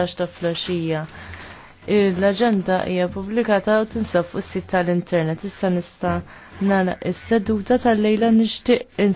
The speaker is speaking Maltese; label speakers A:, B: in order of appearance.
A: 11 ta' flasġija. L-agenda hija pubblikata u tinsab fuq is-sit tal-internet. Issa nista' nara is-seduta tal-lejla nixtieq